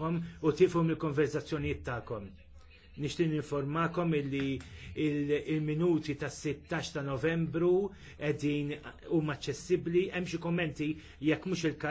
tagħkom u tifhom il-konverzazzjonijiet tagħkom. Nixtin informakom illi il-minuti tas 16 ta' novembru edin u maċċessibli, hemm xi kommenti jekk mhux il-każ